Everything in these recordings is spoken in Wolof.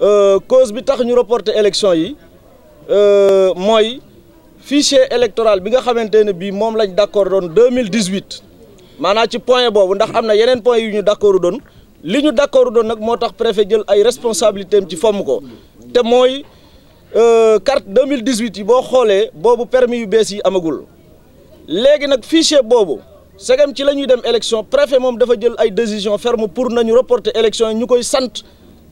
Euh, cause bi tax ñu reporter élection yi euh, mooy fichier électoral bi nga xamante ne bii moom lañ d'accord doon 2018 maanaam ci point boobu ndax am na yeneen point yu ñu d'accord doon li ñu d'accord doon nag moo tax préfet jël ay responsabilités am ci fomm ko te mooy euh, carte 2018 yi boo xoolee boobu permis yu bees yi amagul léegi nag fichier boobu segam ci la ñuy dem élection préfet moom dafa jël ay décision ferme pour nañu reporter élection yi ñu koy sant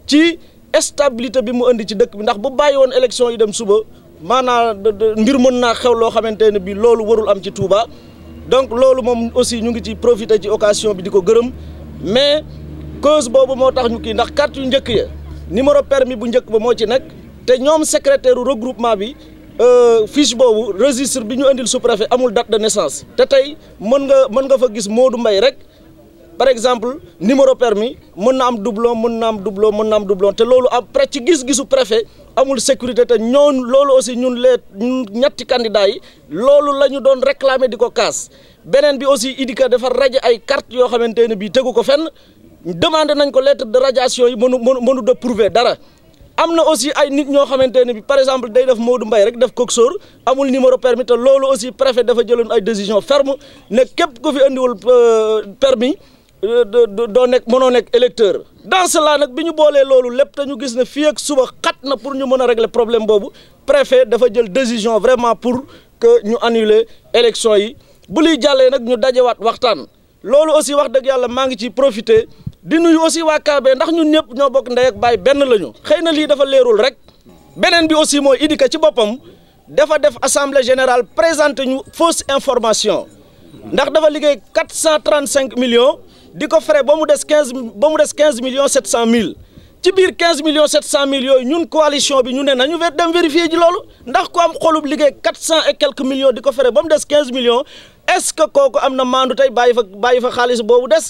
ci stabilité bi mu indi ci dëkk bi ndax bu bàyyi woon élection yi dem suba maanaam mbir mën naa xew loo xamante ne bi loolu warul am ci Touba donc loolu moom aussi ñu ngi ci profiter ci occasion bi di ko gërëm mais cause boobu moo tax ñu kii ndax carte yu njëkk ya numéro permis bu njëkk ba moo ci nekk te ñoom secrétaire regroupement bi euh, fiche boobu registre bi ñu indil sous-préfet amul date de naissance te tey mën nga mën nga fa gis Modou mbay rek par exemple numéro permis mën na am doublon mën na am doublon mën na am doublon te loolu après ci gis-gisu préfet amul sécurité te ñoon loolu aussi ñun les ñetti candidats yi loolu la ñu doon réclamer di ko kaas beneen bi aussi IDICA dafa raje ay carte yoo xamante ne bii tegu ko fenn demandé nañ ko lettre de radiation yi mënu mënu mënu de prouver dara am na aussi ay nit ñoo xamante ne bi par exemple day def Modou mbay rek def coxeur amul numéro permis te loolu aussi préfet dafa jëloon ay décision ferme ne képp ku fi andiwul euh, permis Euh, doo nekk mënoo nekk électeur dans cela nag bi ñu boolee loolu lépp te ñu gis ne fii ak suba xat na pour ñu mën a régler problème boobu préfet dafa jël décision vraiment pour que ñu annuler élection yi bu liy jàllee nag ñu dajewaat waxtaan loolu aussi wax dëgg yàlla maa ngi ciy profité di nuyu aussi waa Kabe ndax ñun ñëpp ñoo bokk ndey ak baay benn lañu xëy na lii dafa leerul rek beneen bi aussi mooy Idika ci boppam dafa def assemblée générale présenté ñu fausse information ndax dafa liggéey quatre cent trente cinq millions. di ko frais ba mu des quinze ba mu des quinze millions sept cent mille ci biir quinze millions sept cent mille yooyu ñun coalition bi ñu ne nañu ver dem vérifier ji loolu ndax ko am xolub liggéey quatre cent et quelques millions di ko frais ba mu des quinze millions est que kooku am na maandu tey bàyyi fa bàyyi fa xaalis boobu des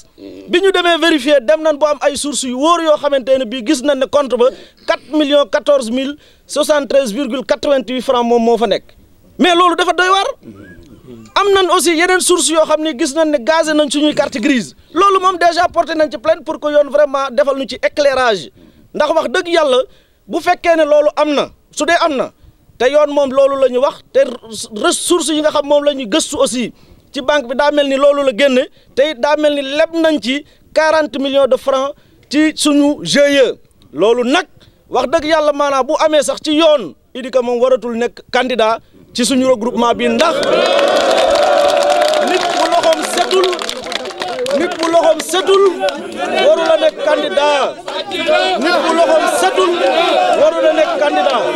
bi ñu demee vérifier dem nañ boo am ay sources yu wóor yoo xamante ne bii gis nañ ne compte ba quatre millions quatorze mille soixante treize virgule quatre vingt huit francs moom moo fa nekk mais loolu dafa doy waar am nañ aussi yeneen source yoo xam ne gis nañ ne gazé nañ suñuy carte grise loolu moom déjà porté nañ ci plainte pour que yoon vraiment defal ñu ci éclairage ndax wax dëgg yàlla bu fekkee ne loolu am na su dee am na te yoon moom loolu la ñu wax te ressources yi nga xam moom la ñu gëstu aussi ci banque bi daa mel ni loolu la génne te daa mel ni leb nañ ci quarante millions de francs ci suñu GIE loolu nag wax dëgg yàlla maanaam bu amee sax ci yoon Idika moom waratul nekk candidat ci suñu regroupement bi ndax nit bu loxoom waru la nekk candidat